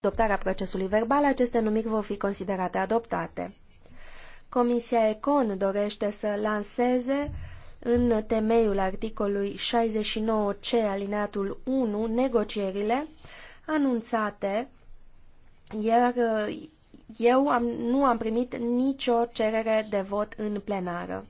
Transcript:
adoptarea procesului verbal, aceste numiri vor fi considerate adoptate. Comisia Econ dorește să lanseze în temeiul articolului 69C alineatul 1 negocierile anunțate, iar uh, eu am, nu am primit nicio cerere de vot în plenară.